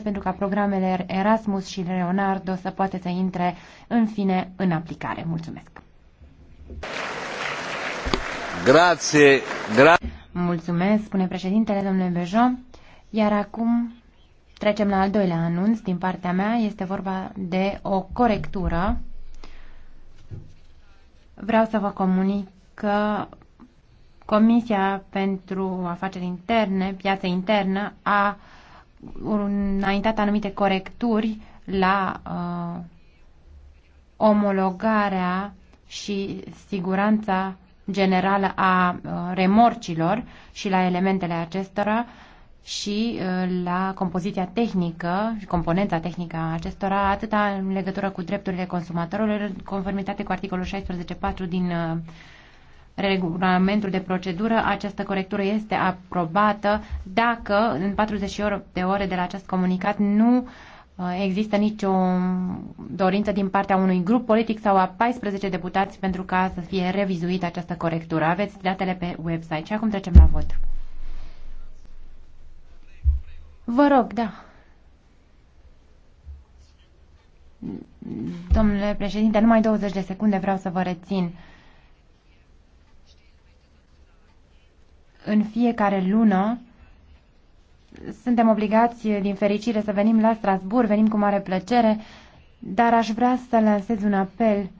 pentru ca programele Erasmus și Leonardo să poată să intre în fine în aplicare. Mulțumesc! Grazie, gra Mulțumesc, spune președintele, domnule Bejo. Iar acum trecem la al doilea anunț din partea mea. Este vorba de o corectură. Vreau să vă comunic că Comisia pentru Afaceri Interne, Piața Internă, a înaintat anumite corecturi la uh, omologarea și siguranța generală a uh, remorcilor și la elementele acestora și uh, la compoziția tehnică și componența tehnică a acestora, atâta în legătură cu drepturile consumatorilor, conformitate cu articolul 16.4 din uh, regulamentul de procedură, această corectură este aprobată dacă în 40 de ore de la acest comunicat nu uh, există nicio dorință din partea unui grup politic sau a 14 deputați pentru ca să fie revizuită această corectură. Aveți datele pe website și acum trecem la vot. Vă rog, da. Domnule președinte, numai 20 de secunde vreau să vă rețin. Uh, în fiecare lună suntem obligați, din fericire, să venim la Strasbourg, venim cu mare plăcere, dar aș vrea să lansez un apel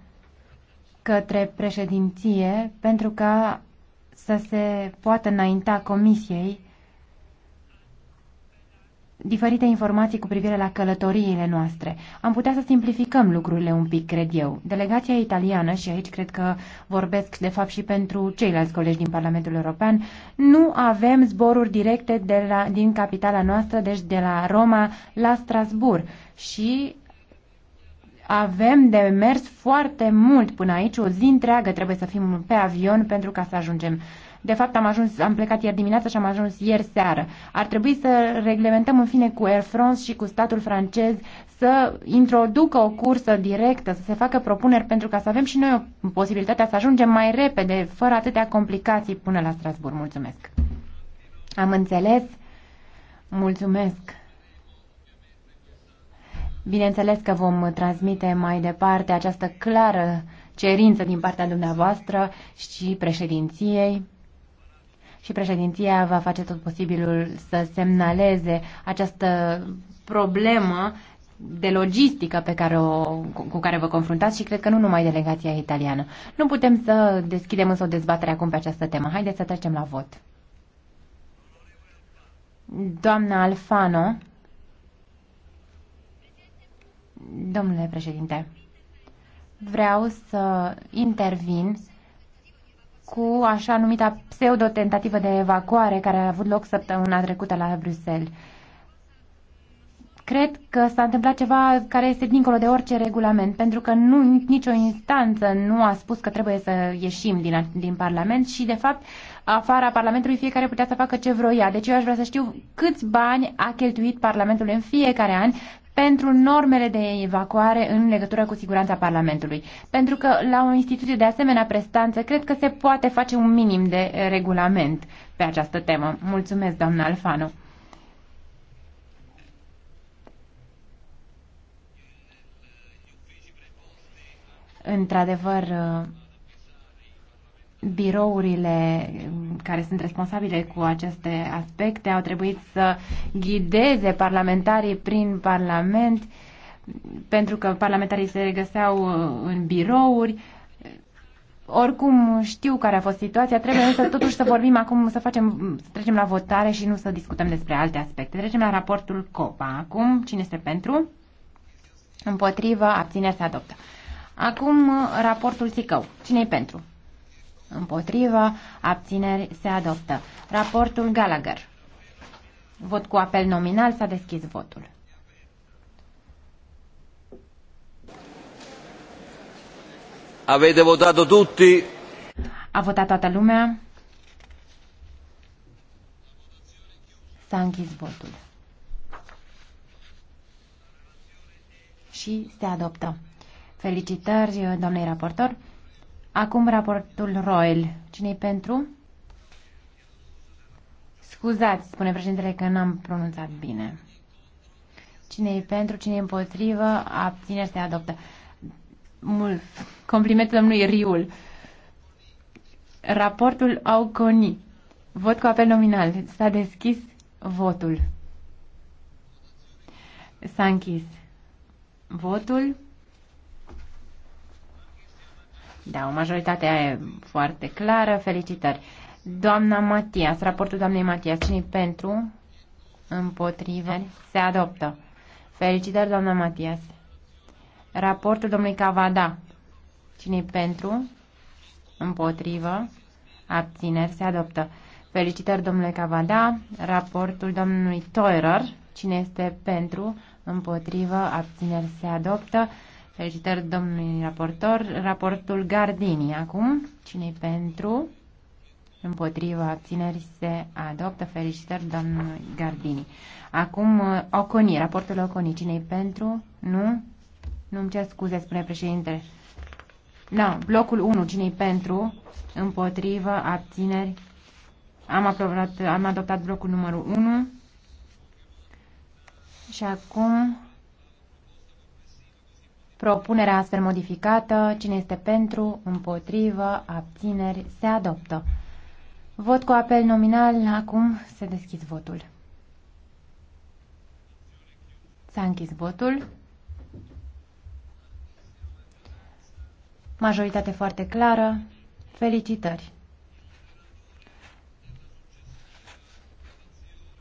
către președinție pentru ca să se poată înainta comisiei diferite informații cu privire la călătoriile noastre. Am putea să simplificăm lucrurile un pic, cred eu. Delegația italiană, și aici cred că vorbesc de fapt și pentru ceilalți colegi din Parlamentul European, nu avem zboruri directe de la, din capitala noastră, deci de la Roma la Strasbourg. Și avem de mers foarte mult până aici, o zi întreagă trebuie să fim pe avion pentru ca să ajungem de fapt, am, ajuns, am plecat ieri dimineață și am ajuns ieri seară. Ar trebui să reglementăm în fine cu Air France și cu statul francez să introducă o cursă directă, să se facă propuneri pentru ca să avem și noi o posibilitatea să ajungem mai repede, fără atâtea complicații până la Strasburg. Mulțumesc! Am înțeles? Mulțumesc! Bineînțeles că vom transmite mai departe această clară cerință din partea dumneavoastră și președinției și președinția va face tot posibilul să semnaleze această problemă de logistică pe care o, cu care vă confruntați și cred că nu numai delegația italiană. Nu putem să deschidem însă o dezbatere acum pe această temă. Haideți să trecem la vot. Doamna Alfano. Domnule președinte, vreau să intervin cu așa numita pseudo-tentativă de evacuare care a avut loc săptămâna trecută la Bruxelles. Cred că s-a întâmplat ceva care este dincolo de orice regulament, pentru că nu, nicio instanță nu a spus că trebuie să ieșim din, din Parlament și, de fapt, afara Parlamentului fiecare putea să facă ce vroia. Deci eu aș vrea să știu câți bani a cheltuit Parlamentul în fiecare an pentru normele de evacuare în legătură cu siguranța Parlamentului. Pentru că la o instituție de asemenea prestanță, cred că se poate face un minim de eh, regulament pe această temă. Mulțumesc, doamna Alfano. Într-adevăr, eh, birourile care sunt responsabile cu aceste aspecte au trebuit să ghideze parlamentarii prin Parlament, pentru că parlamentarii se regăseau în birouri. Oricum știu care a fost situația, trebuie însă totuși să vorbim acum, să, facem, să trecem la votare și nu să discutăm despre alte aspecte. Trecem la raportul COPA. Acum, cine este pentru? Împotrivă, abțineri se adoptă. Acum, raportul SICAU. cine e pentru? Împotrivă, abțineri, se adoptă. Raportul Gallagher. Vot cu apel nominal, s-a deschis votul. Avete votato tutti? A votat toată lumea? S-a închis votul. Și se adoptă. Felicitări, domnului raportor. Acum raportul Royal. cine pentru? Scuzați, spune președintele, că n-am pronunțat bine. cine e pentru, cine e împotrivă, abțineri se adoptă. Mult. Complimentul domnului Riul. Raportul Auconi. Vot cu apel nominal. S-a deschis votul. S-a închis votul. Da, o majoritate e foarte clară. Felicitări. Doamna Matias, raportul doamnei Matias, cine pentru? Împotrivă. Se adoptă. Felicitări, doamna Matias. Raportul domnului Cavada. cine pentru? Împotrivă. Abțineri. Se adoptă. Felicitări, domnule Cavada. Raportul domnului Toirer. Cine este pentru? Împotrivă. Abțineri. Se adoptă. Felicitări domnului raportor. Raportul Gardini acum. Cine-i pentru? Împotriva abținerii se adoptă. Felicitări domnului Gardini. Acum uh, Oconi, raportul Oconi. Cine-i pentru? Nu? Nu-mi cer scuze, spune președinte. Nu, blocul 1, cine-i pentru? Împotriva abțineri. Am, aprobat, am adoptat blocul numărul 1. Și acum Propunerea astfel modificată, cine este pentru, împotrivă, abțineri, se adoptă. Vot cu apel nominal, acum se deschid votul. S-a închis votul. Majoritate foarte clară. Felicitări!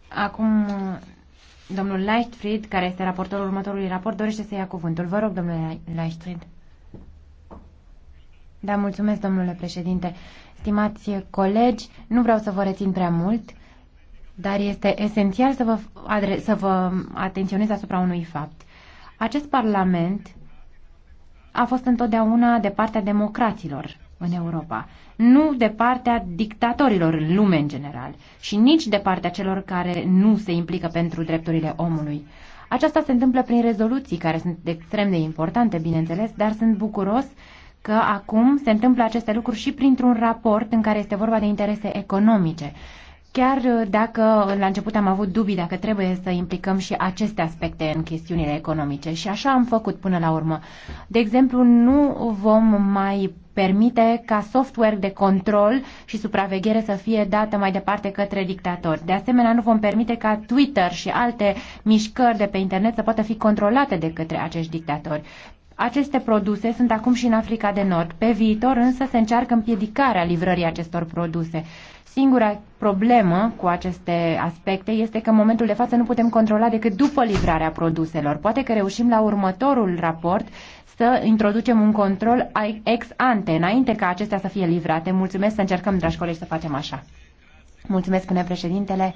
Acum Domnul Leichtfried, care este raportorul următorului raport, dorește să ia cuvântul. Vă rog, domnule Leichtfried. Da, mulțumesc, domnule președinte. Stimați colegi, nu vreau să vă rețin prea mult, dar este esențial să vă, adre- să vă atenționez asupra unui fapt. Acest parlament a fost întotdeauna de partea democraților în Europa. Nu de partea dictatorilor în lume în general și nici de partea celor care nu se implică pentru drepturile omului. Aceasta se întâmplă prin rezoluții care sunt extrem de importante, bineînțeles, dar sunt bucuros că acum se întâmplă aceste lucruri și printr-un raport în care este vorba de interese economice. Chiar uh, dacă la început am avut dubii dacă trebuie să implicăm și aceste aspecte în chestiunile economice și așa am făcut până la urmă. De exemplu, nu vom mai permite ca software de control și supraveghere să fie dată mai departe către dictatori. De asemenea, nu vom permite ca Twitter și alte mișcări de pe internet să poată fi controlate de către acești dictatori. Aceste produse sunt acum și în Africa de Nord. Pe viitor însă se încearcă împiedicarea livrării acestor produse. Singura problemă cu aceste aspecte este că în momentul de față nu putem controla decât după livrarea produselor. Poate că reușim la următorul raport să introducem un control ex ante, înainte ca acestea să fie livrate. Mulțumesc să încercăm, dragi colegi, să facem așa. Mulțumesc, spune președintele.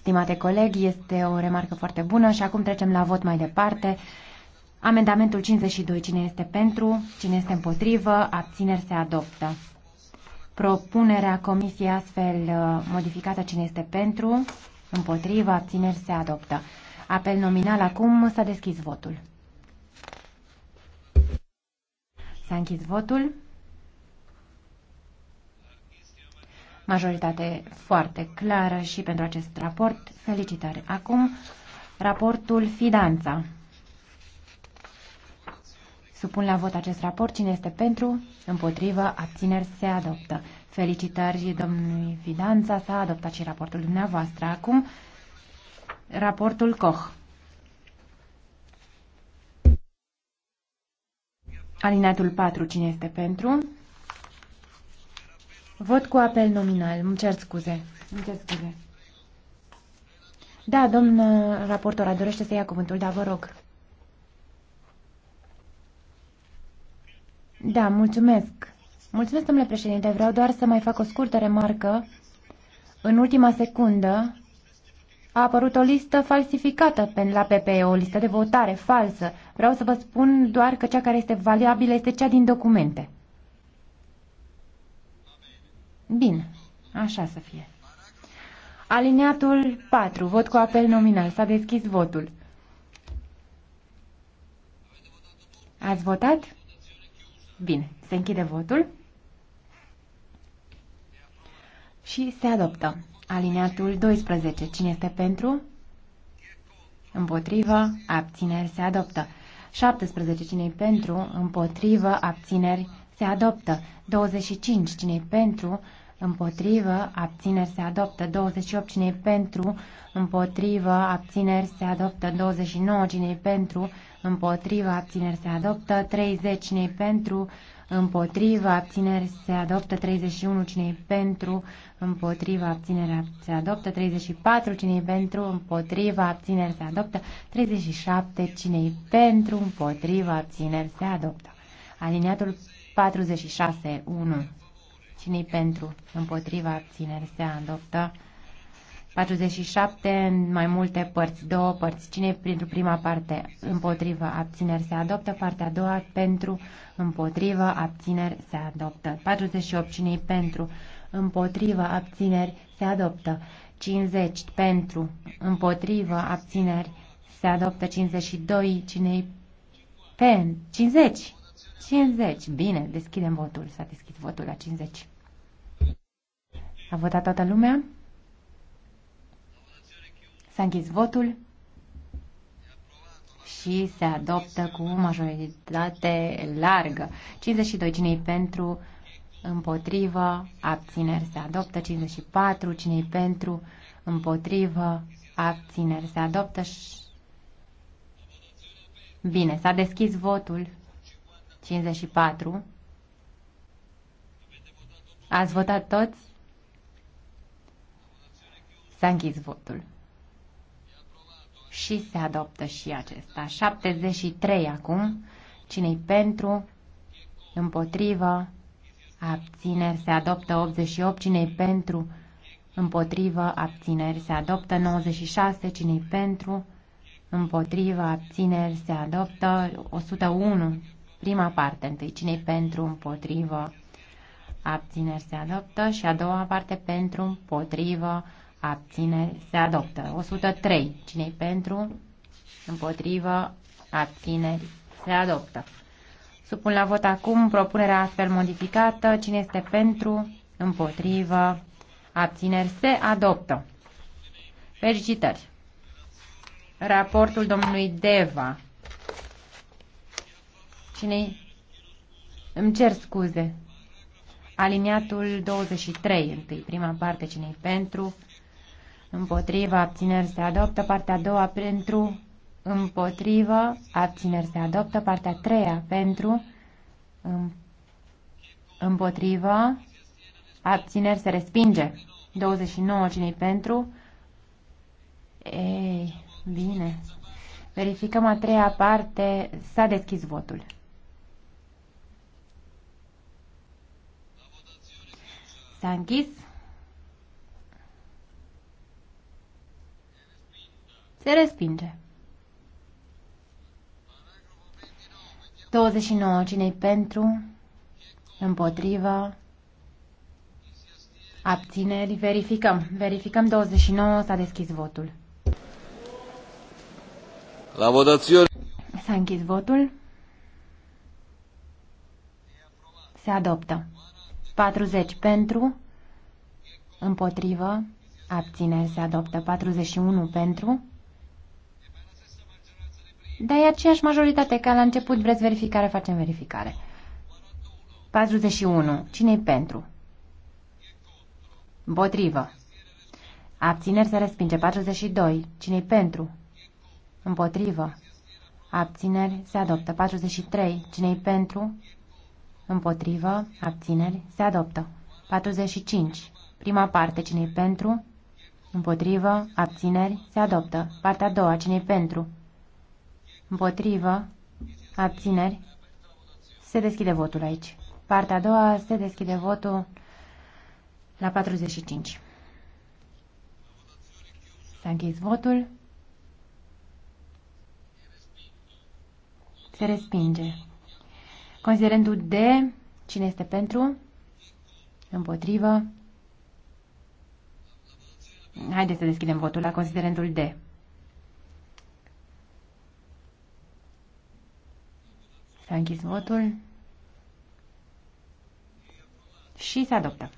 Stimate colegi, este o remarcă foarte bună și acum trecem la vot mai departe. Amendamentul 52. Cine este pentru? Cine este împotrivă? Abțineri se adoptă. Propunerea comisiei astfel uh, modificată. Cine este pentru? Împotrivă? Abțineri se adoptă. Apel nominal acum. S-a deschis votul. S-a închis votul. Majoritate foarte clară și pentru acest raport. Felicitări. Acum, raportul Fidanța. Supun la vot acest raport. Cine este pentru? Împotrivă. Abțineri se adoptă. Felicitări domnului Fidanța. S-a adoptat și raportul dumneavoastră. Acum, raportul Koch. Alinatul 4. Cine este pentru? Vot cu apel nominal. Îmi cer scuze. Îmi cer scuze. Da, domn raportor, dorește să ia cuvântul, dar vă rog. Da, mulțumesc. Mulțumesc, domnule președinte. Vreau doar să mai fac o scurtă remarcă. În ultima secundă a apărut o listă falsificată la PPE, o listă de votare falsă. Vreau să vă spun doar că cea care este valabilă este cea din documente. Bine, așa să fie. Alineatul 4, vot cu apel nominal. S-a deschis votul. Ați votat? Bine, se închide votul. Și se adoptă. aliniatul 12. Cine este pentru? Împotrivă, abțineri, se adoptă. 17. Cine-i pentru? Împotrivă, abțineri, se adoptă. 25. Cine-i pentru? împotrivă, abțineri se adoptă 28, cine pentru, împotrivă, abțineri se adoptă 29, cine pentru, împotrivă, abțineri se adoptă 30, cine pentru, împotrivă, abțineri se adoptă 31, cine pentru, împotrivă, abțineri se adoptă 34, cine pentru, împotrivă, abțineri se adoptă 37, cine pentru, împotrivă, abțineri se adoptă. Aliniatul 46, 1 abținei pentru, împotriva abțineri se adoptă. 47 în mai multe părți, două părți. Cine pentru prima parte împotriva abțineri se adoptă, partea a doua pentru împotriva abțineri se adoptă. 48 cine pentru împotriva abțineri se adoptă. 50 pentru împotriva abțineri se adoptă. 52 cine pentru 50 50. Bine, deschidem votul. S-a deschis votul la 50. A votat toată lumea? S-a închis votul și se adoptă cu majoritate largă. 52 cine pentru, împotrivă, abțineri se adoptă. 54 cine pentru, împotrivă, abțineri se adoptă. Bine, s-a deschis votul. 54. Ați votat toți? S-a închis votul. Și se adoptă și acesta. 73 acum. Cine-i pentru? Împotrivă? Abțineri se adoptă 88. Cine-i pentru? Împotrivă? Abțineri se adoptă 96. Cine-i pentru? Împotrivă? Abțineri se adoptă 101. Prima parte întâi. Cine-i pentru? Împotrivă? Abțineri se adoptă și a doua parte pentru, împotrivă, abțineri, se adoptă. 103. Cine-i pentru? Împotrivă, abțineri, se adoptă. Supun la vot acum propunerea astfel modificată. Cine este pentru? Împotrivă, abțineri, se adoptă. Felicitări! Raportul domnului Deva. Cine-i? Îmi cer scuze. Aliniatul 23, întâi, prima parte, cine pentru, împotriva, abțineri se adoptă. Partea a doua pentru, împotrivă, abțineri se adoptă. Partea a treia pentru, împotrivă, abțineri se respinge. 29 cine pentru? Ei, bine. Verificăm a treia parte. S-a deschis votul. S-a închis. Se respinge. 29. Cine-i pentru? Împotriva? Abțineri? Verificăm. Verificăm 29. S-a deschis votul. La votazione. S-a închis votul. Se adoptă. 40 pentru, împotrivă, abțineri se adoptă. 41 pentru, dar e aceeași majoritate ca la început. Vreți verificare, facem verificare. 41. Cine-i pentru? Împotrivă. Abțineri se respinge. 42. Cine-i pentru? Împotrivă. Abțineri se adoptă. 43. Cine-i pentru? Împotrivă. Abțineri se adoptă. 45. Prima parte. Cine-i pentru? Împotrivă. Abțineri se adoptă. Partea a doua. Cine-i pentru? Împotrivă. Abțineri. Se deschide votul aici. Partea a doua se deschide votul la 45. S-a închis votul. Se respinge. Considerentul D, cine este pentru? Împotrivă. Haideți să deschidem votul la considerentul D. S-a închis votul și se adoptă.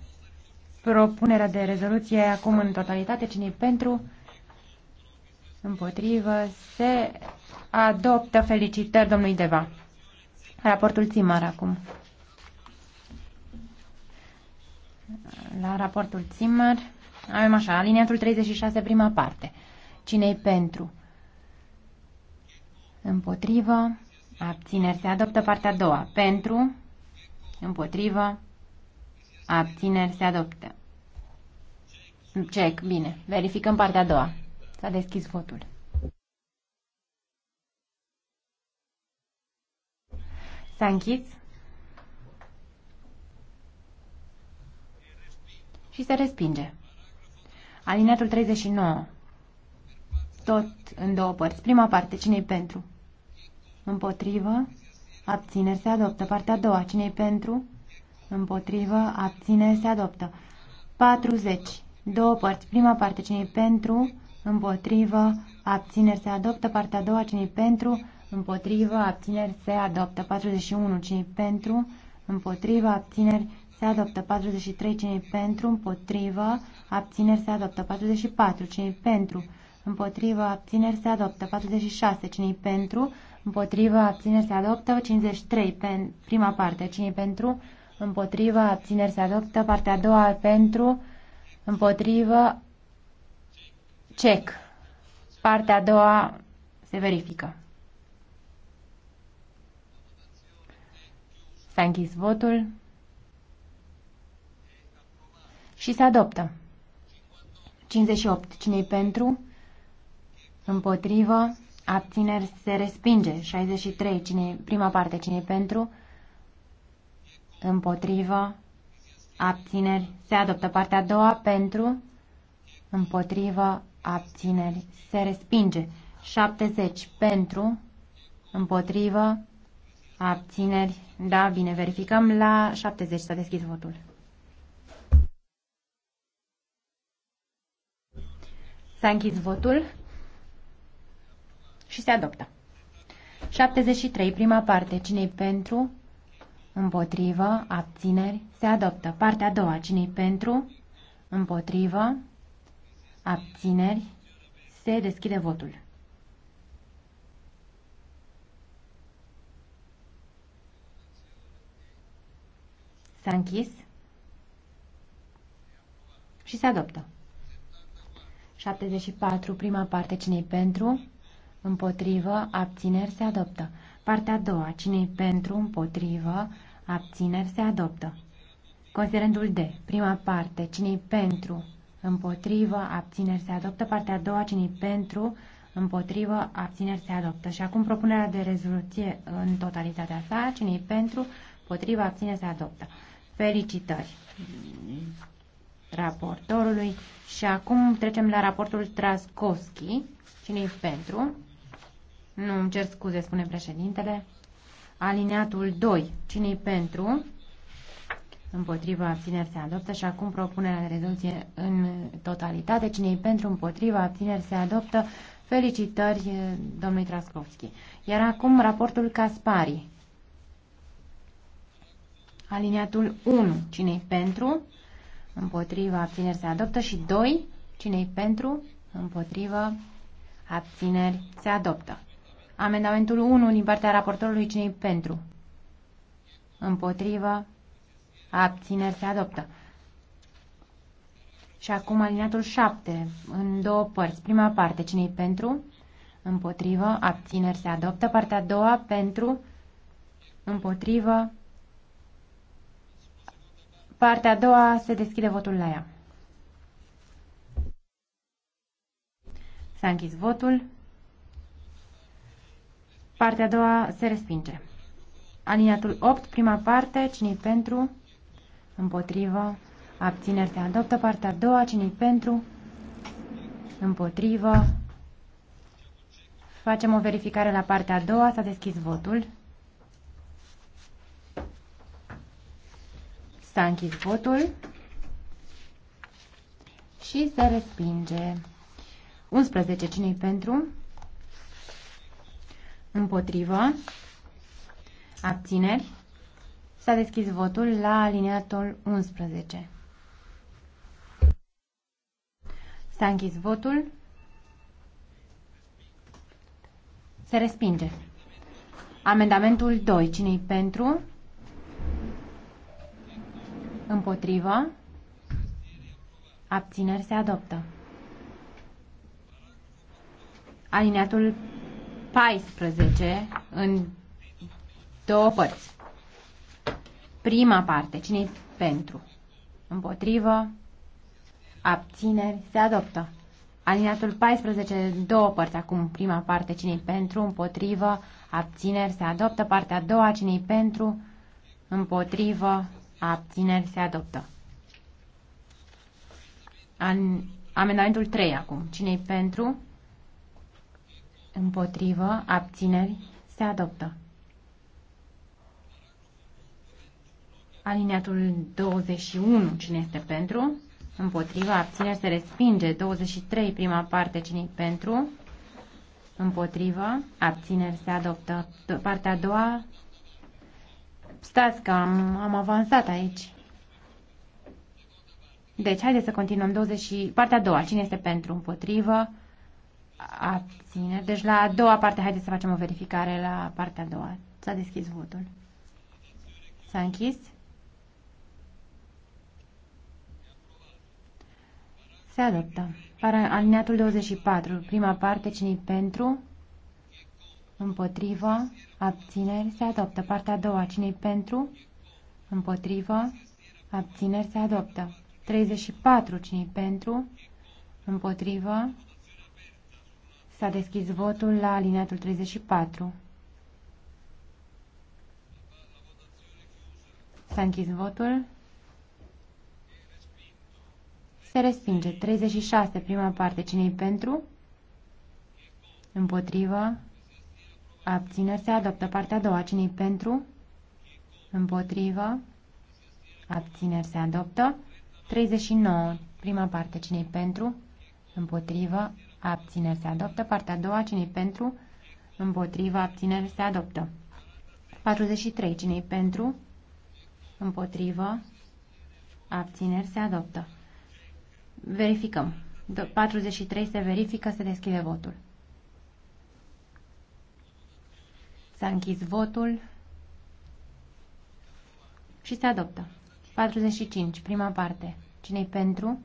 Propunerea de rezoluție acum în totalitate, cine pentru, împotrivă, se adoptă. Felicitări domnului Deva. Raportul Țimar acum. La raportul Țimar avem așa, aliniatul 36, prima parte. Cine-i pentru? Împotrivă. Abțineri se adoptă partea a doua. Pentru, împotrivă, abțineri se adoptă. Check, bine. Verificăm partea a doua. S-a deschis votul. S-a închis. Și se respinge. Alineatul 39. Tot în două părți. Prima parte, cine-i pentru? Împotrivă. Abțineri se adoptă. Partea a doua. Cine-i pentru? Împotrivă. Abține se adoptă. 40. Două părți. Prima parte. Cine-i pentru? Împotrivă. Abțineri se adoptă. Partea a doua. Cine-i pentru? Împotrivă. Abțineri se adoptă. 41. Cine-i pentru? Împotrivă. Abțineri se adoptă 43 cei pentru, împotrivă, abțineri se adoptă 44 cei pentru, împotrivă, abțineri se adoptă 46 cei pentru, Împotriva abțineri se adoptă, 53 pen, prima parte, cine pentru, Împotriva abțineri se adoptă, partea a doua pentru, Împotriva cec. Partea a doua se verifică. S-a închis votul și se adoptă. 58. Cine-i pentru? Împotrivă? Abțineri se respinge. 63. Cine, prima parte. Cine pentru? Împotrivă. Abțineri se adoptă. Partea a doua pentru. Împotrivă. Abțineri se respinge. 70. Pentru. Împotrivă. Abțineri. Da, bine, verificăm. La 70 s-a deschis votul. S-a închis votul și se adoptă. 73, prima parte, cine pentru, împotrivă, abțineri, se adoptă. Partea a doua, cine pentru, împotrivă, abțineri, se deschide votul. S-a închis și se adoptă. 74, prima parte, cine pentru, împotrivă, abțineri se adoptă. Partea a doua, cine pentru, împotrivă, abțineri se adoptă. Considerentul D, prima parte, cine pentru, împotrivă, abțineri se adoptă. Partea a doua, cine pentru, împotrivă, abțineri se adoptă. Și acum propunerea de rezoluție în totalitatea sa, cine pentru, împotrivă, abțineri se adoptă. Felicitări raportorului și acum trecem la raportul Traskovski. cine pentru? Nu, îmi cer scuze, spune președintele. Alineatul 2. cine pentru? Împotriva abțineri se adoptă și acum propunerea de rezoluție în totalitate. cine pentru? Împotriva abțineri se adoptă. Felicitări eh, domnului Traskovski. Iar acum raportul Caspari. Alineatul 1. cine pentru? Împotriva abțineri se adoptă și 2. cine pentru? Împotriva abțineri se adoptă. Amendamentul 1 din partea raportorului cine pentru? Împotrivă. Abțineri se adoptă. Și acum alineatul 7, în două părți. Prima parte, cine pentru? Împotrivă. Abțineri se adoptă. Partea a doua, pentru? Împotrivă. Partea a doua se deschide votul la ea. S-a închis votul. Partea a doua se respinge. Aliniatul 8, prima parte, cine pentru? Împotrivă. Abțineri se adoptă. Partea a doua, cine pentru? Împotrivă. Facem o verificare la partea a doua. S-a deschis votul. S-a închis votul. Și se respinge. 11. cine pentru? Împotrivă. Abțineri. S-a deschis votul la alineatul 11. S-a închis votul. Se respinge. Amendamentul 2. Cine-i pentru? Împotrivă. Abțineri se adoptă. Alineatul 14 în două părți. Prima parte, cine pentru? Împotrivă, abțineri, se adoptă. Alineatul 14, două părți acum, prima parte, cine pentru, împotrivă, abțineri, se adoptă. Partea a doua, cine pentru, împotrivă, abțineri, se adoptă. An... Amendamentul 3 acum, cine pentru, împotrivă, abțineri, se adoptă. Alineatul 21, cine este pentru? Împotrivă, abțineri, se respinge. 23, prima parte, cine pentru? Împotrivă, abțineri, se adoptă. Partea a doua, stați că am, am avansat aici. Deci, haideți să continuăm. 20, partea a doua, cine este pentru? Împotrivă, abține. Deci la a doua parte, haideți să facem o verificare la partea a doua. S-a deschis votul. S-a închis. Se adoptă. Alineatul 24. Prima parte, cine pentru? Împotrivă. Abțineri. Se adoptă. Partea a doua, cine pentru? Împotrivă. Abțineri. Se adoptă. 34. cine pentru? Împotrivă. S-a deschis votul la alineatul 34. S-a închis votul. Se respinge. 36, prima parte. Cine-i pentru? Împotrivă. Abțineri. Se adoptă partea a doua. Cine-i pentru? Împotrivă. Abțineri. Se adoptă. 39, prima parte. Cine-i pentru? Împotrivă abțineri se adoptă. Partea a doua, cine pentru, împotriva, abțineri se adoptă. 43. cine pentru, împotrivă, abțineri se adoptă. Verificăm. 43 se verifică, se deschide votul. S-a închis votul și se adoptă. 45. Prima parte. Cine-i pentru?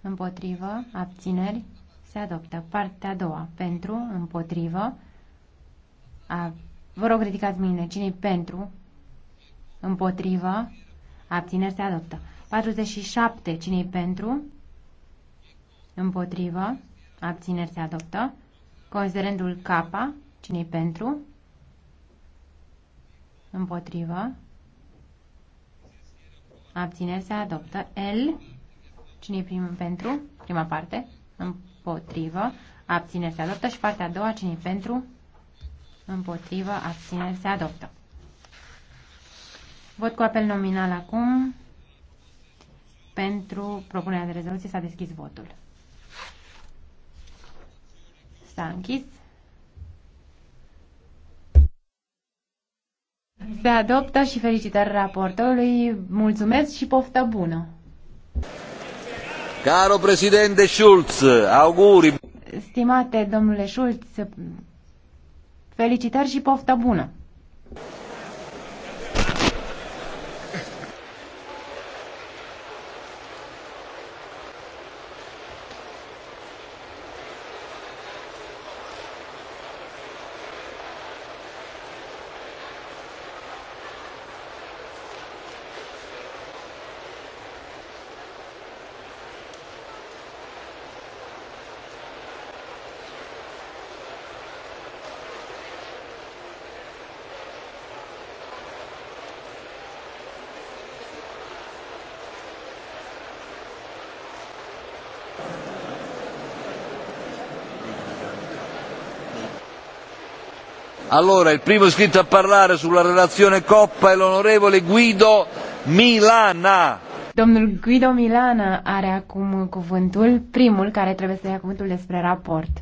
Împotrivă? Abțineri? se adoptă. Partea a doua, pentru, împotrivă, a, vă rog ridicați mine, cine pentru, împotrivă, abțineri se adoptă. 47, cine pentru, împotrivă, abțineri se adoptă. Considerândul K, cine pentru, împotrivă, abțineri se adoptă. L, cine prim pentru, prima parte, împotrivă, abțineri se adoptă și partea a doua, cine pentru, împotrivă, abțineri se adoptă. Vot cu apel nominal acum. Pentru propunerea de rezoluție s-a deschis votul. S-a închis. Se adoptă și felicitări raportorului. Mulțumesc și poftă bună! Caro președinte Schulz, auguri! Stimate domnule Schulz, felicitări și poftă bună! Allora, il primo iscritto a parlare sulla relazione Coppa è l'onorevole Guido Milana. Domnul Guido Milana are acum cuvântul, primul care trebuie să ia cuvântul despre raport.